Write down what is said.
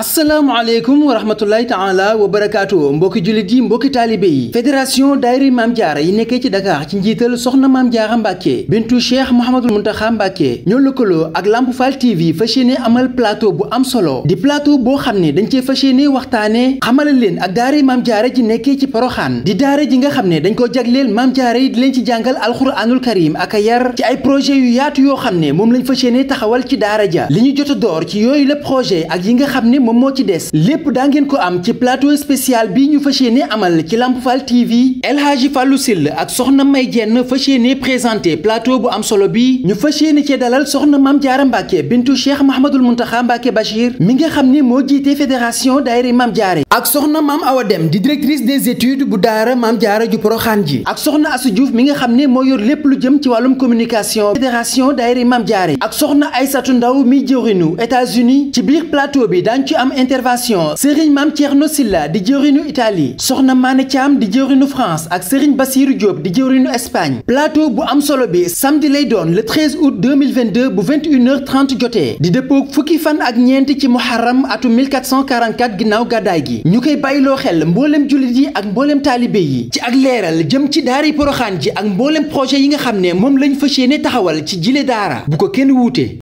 asalaamaaleykum wa rahmatulahi taala wa barakaatu mbokki jullit yi mbokki taalibe yi fédération daayira maam yi nekkee ci Dakar ci njiital soxna maam jaara bintu cheikh Mouhamadul Muntaxa Mbàkke ñoo lëkkaloo ak Lamp Fall TV fas yéene amal plateau bu am solo di plateau boo xam ne dañ cee fas yéene waxtaane xamala leen ak daara maam jaara nekkee ci Poroxaan di daara ji nga xam ne dañ ko jagleel maam jaara yi di leen ci jàngal alxuraanul karim ak yar ci ay projet yu yaatu yoo xam ne moom lañ fas yéene taxawal ci daara ja li ñu jot door ci yooyu la projet ak yi nga xam ne moom moo ci des lépp daa ngeen ko am ci plateau spécial bi ñu fas ni amal ci Lamp Fall TV El Hadji Fallou Syll ak soxna May Jenn fas ni présenté plateau bu am solo bi ñu fas yéene cee dalal soxna Mame Diarra Mbacke bintu Cheikh Mahamadul Muntaxa Mbacke Bachir mi nga xam ni moo jiite fédération daayira Mame Diarra ak soxna maam Awa Dem di directrice des études bu daara Mame Diarra ju Poroxaan ji ak soxna Assou Diouf mi nga xam ne moo yor lépp lu jëm ci wàllum communication fédération daayira Mame Diarra ak soxna Aysatu Ndaw mi jëwrinu ci am intervention Serigne Mame Thierno Silla di jëwriñu Italie Soxna Mané Thiam di jëwriñu France ak Serigne Bassirou Diop di jëwriñu Espagne plateau bu am solo bi samedi lay doon le 13 août 2022 bu 21h30 jotee di dëppoo fukki fan ak ñeent ci muharram atu 1444 ginnaaw gàddaay gi ñu koy bàyyiloo xel mbooleem jullit yi ak mbooleem taalibe yi ci ak leeral jëm ci daari poroxaan ji ak mbooleem projet yi nga xam ne moom lañ fas yéene taxawal ci jilee daara bu ko kenn wuute